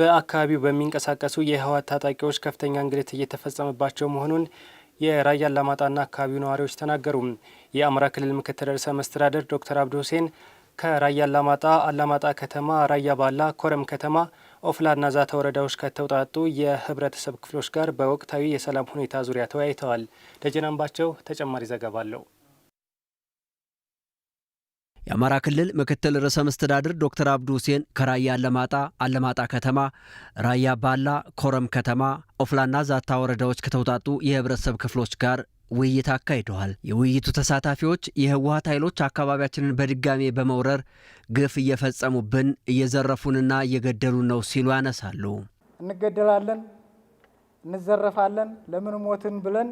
በአካባቢው በሚንቀሳቀሱ የህወሓት ታጣቂዎች ከፍተኛ እንግልት እየተፈጸመባቸው መሆኑን የራያ አላማጣና አካባቢው ነዋሪዎች ተናገሩ። የአማራ ክልል ምክትል ርዕሰ መስተዳደር ዶክተር አብዱ ሁሴን ከራያ አላማጣ፣ አላማጣ ከተማ፣ ራያ ባላ፣ ኮረም ከተማ፣ ኦፍላና ዛታ ወረዳዎች ከተውጣጡ የህብረተሰብ ክፍሎች ጋር በወቅታዊ የሰላም ሁኔታ ዙሪያ ተወያይተዋል። ደጀናምባቸው ተጨማሪ ዘገባ አለው። የአማራ ክልል ምክትል ርዕሰ መስተዳድር ዶክተር አብዱ ሁሴን ከራያ አለማጣ፣ አለማጣ ከተማ፣ ራያ ባላ፣ ኮረም ከተማ፣ ኦፍላና ዛታ ወረዳዎች ከተውጣጡ የህብረተሰብ ክፍሎች ጋር ውይይት አካሂደዋል። የውይይቱ ተሳታፊዎች የህወሀት ኃይሎች አካባቢያችንን በድጋሜ በመውረር ግፍ እየፈጸሙብን እየዘረፉንና እየገደሉ ነው ሲሉ ያነሳሉ። እንገደላለን፣ እንዘረፋለን፣ ለምን ሞትን ብለን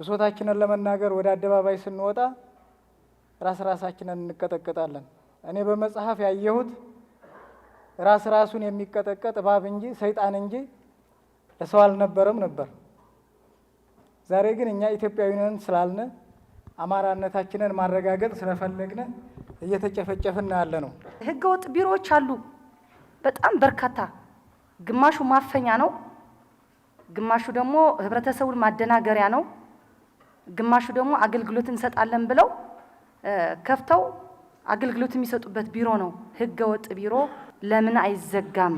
ብሶታችንን ለመናገር ወደ አደባባይ ስንወጣ ራስ ራሳችንን እንቀጠቀጣለን። እኔ በመጽሐፍ ያየሁት ራስ ራሱን የሚቀጠቀጥ እባብ እንጂ ሰይጣን እንጂ ለሰው አልነበረም ነበር። ዛሬ ግን እኛ ኢትዮጵያዊነን ስላልነ አማራነታችንን ማረጋገጥ ስለፈለግነ እየተጨፈጨፍን ያለ ነው። ወጥ ቢሮዎች አሉ፣ በጣም በርካታ። ግማሹ ማፈኛ ነው፣ ግማሹ ደግሞ ህብረተሰቡን ማደናገሪያ ነው፣ ግማሹ ደግሞ አገልግሎት እንሰጣለን ብለው ከፍተው አገልግሎት የሚሰጡበት ቢሮ ነው። ህገ ወጥ ቢሮ ለምን አይዘጋም?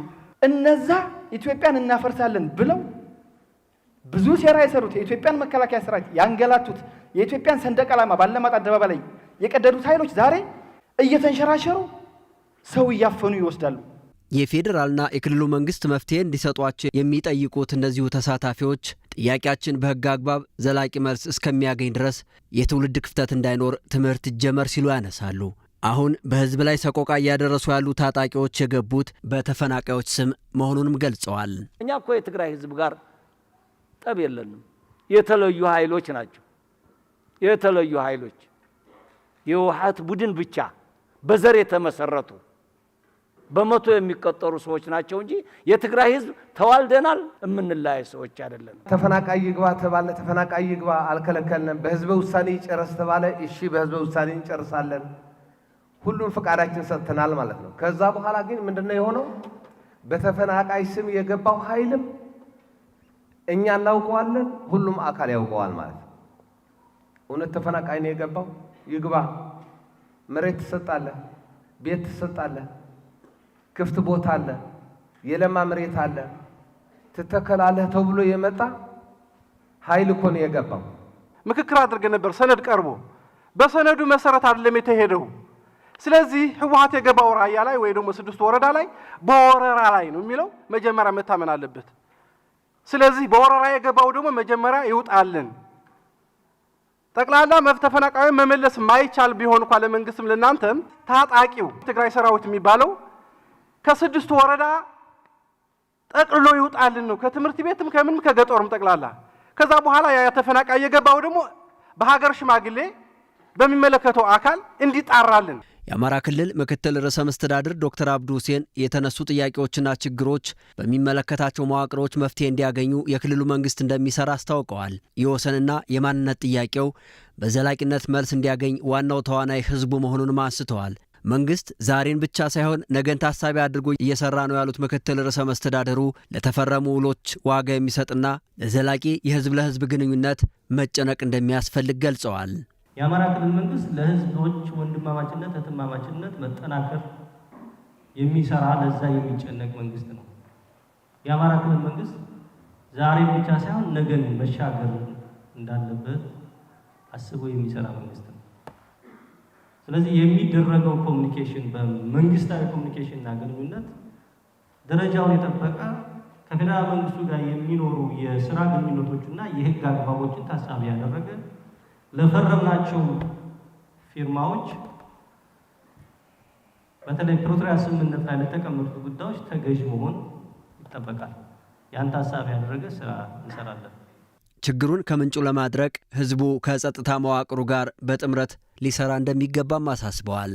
እነዛ ኢትዮጵያን እናፈርሳለን ብለው ብዙ ሴራ የሰሩት የኢትዮጵያን መከላከያ ሰራዊት ያንገላቱት፣ የኢትዮጵያን ሰንደቅ ዓላማ ባለማት አደባባይ ላይ የቀደዱት ኃይሎች ዛሬ እየተንሸራሸሩ ሰው እያፈኑ ይወስዳሉ። የፌዴራልና የክልሉ መንግስት መፍትሄ እንዲሰጧቸው የሚጠይቁት እነዚሁ ተሳታፊዎች ጥያቄያችን በሕግ አግባብ ዘላቂ መልስ እስከሚያገኝ ድረስ የትውልድ ክፍተት እንዳይኖር ትምህርት ይጀመር ሲሉ ያነሳሉ። አሁን በሕዝብ ላይ ሰቆቃ እያደረሱ ያሉ ታጣቂዎች የገቡት በተፈናቃዮች ስም መሆኑንም ገልጸዋል። እኛ እኮ የትግራይ ሕዝብ ጋር ጠብ የለንም። የተለዩ ኃይሎች ናቸው። የተለዩ ኃይሎች የውሀት ቡድን ብቻ በዘር የተመሰረቱ በመቶ የሚቆጠሩ ሰዎች ናቸው እንጂ የትግራይ ህዝብ ተዋልደናል የምንለያይ ሰዎች አይደለም። ተፈናቃይ ይግባ ተባለ፣ ተፈናቃይ ይግባ አልከለከልንም። በህዝበ ውሳኔ ይጨረስ ተባለ፣ እሺ በህዝበ ውሳኔ እንጨርሳለን። ሁሉም ፈቃዳችን ሰጥተናል ማለት ነው። ከዛ በኋላ ግን ምንድነው የሆነው? በተፈናቃይ ስም የገባው ኃይልም እኛ እናውቀዋለን፣ ሁሉም አካል ያውቀዋል ማለት ነው። እውነት ተፈናቃይ ነው የገባው? ይግባ፣ መሬት ትሰጣለህ፣ ቤት ትሰጣለህ ክፍት ቦታ አለ፣ የለማ መሬት አለ፣ ትተከላለህ ተብሎ የመጣ ኃይል እኮ ነው የገባው። ምክክር አድርገን ነበር፣ ሰነድ ቀርቦ በሰነዱ መሰረት አይደለም የተሄደው። ስለዚህ ህወሓት የገባው ራያ ላይ ወይ ደግሞ ስድስት ወረዳ ላይ በወረራ ላይ ነው የሚለው መጀመሪያ መታመን አለበት። ስለዚህ በወረራ የገባው ደግሞ መጀመሪያ ይውጣልን። ጠቅላላ ተፈናቃዩን መመለስ ማይቻል ቢሆን እንኳ ለመንግስትም ለእናንተም ታጣቂው ትግራይ ሰራዊት የሚባለው ከስድስቱ ወረዳ ጠቅልሎ ይውጣልን ነው ከትምህርት ቤትም ከምንም ከገጠሩም ጠቅላላ። ከዛ በኋላ ያ ተፈናቃይ የገባው ደግሞ በሀገር ሽማግሌ በሚመለከተው አካል እንዲጣራልን። የአማራ ክልል ምክትል ርዕሰ መስተዳድር ዶክተር አብዱ ሁሴን የተነሱ ጥያቄዎችና ችግሮች በሚመለከታቸው መዋቅሮች መፍትሄ እንዲያገኙ የክልሉ መንግስት እንደሚሰራ አስታውቀዋል። የወሰንና የማንነት ጥያቄው በዘላቂነት መልስ እንዲያገኝ ዋናው ተዋናይ ህዝቡ መሆኑንም አንስተዋል። መንግስት ዛሬን ብቻ ሳይሆን ነገን ታሳቢ አድርጎ እየሰራ ነው ያሉት ምክትል ርዕሰ መስተዳደሩ ለተፈረሙ ውሎች ዋጋ የሚሰጥና ለዘላቂ የህዝብ ለህዝብ ግንኙነት መጨነቅ እንደሚያስፈልግ ገልጸዋል። የአማራ ክልል መንግስት ለህዝቦች ወንድማማችነት፣ እህትማማችነት መጠናከር የሚሰራ ለዛ የሚጨነቅ መንግስት ነው። የአማራ ክልል መንግስት ዛሬ ብቻ ሳይሆን ነገን መሻገር እንዳለበት አስቦ የሚሰራ መንግስት ነው። ስለዚህ የሚደረገው ኮሚኒኬሽን በመንግስታዊ ኮሚኒኬሽንና ግንኙነት ደረጃውን የጠበቀ ከፌደራል መንግስቱ ጋር የሚኖሩ የስራ ግንኙነቶችና የህግ አግባቦችን ታሳቢ ያደረገ ለፈረምናቸው ፊርማዎች በተለይ ፕሪቶሪያ ስምምነት ላይ ለተቀመጡ ጉዳዮች ተገዥ መሆን ይጠበቃል። ያን ታሳቢ ያደረገ ስራ እንሰራለን። ችግሩን ከምንጩ ለማድረቅ ህዝቡ ከጸጥታ መዋቅሩ ጋር በጥምረት ሊሰራ እንደሚገባም አሳስበዋል።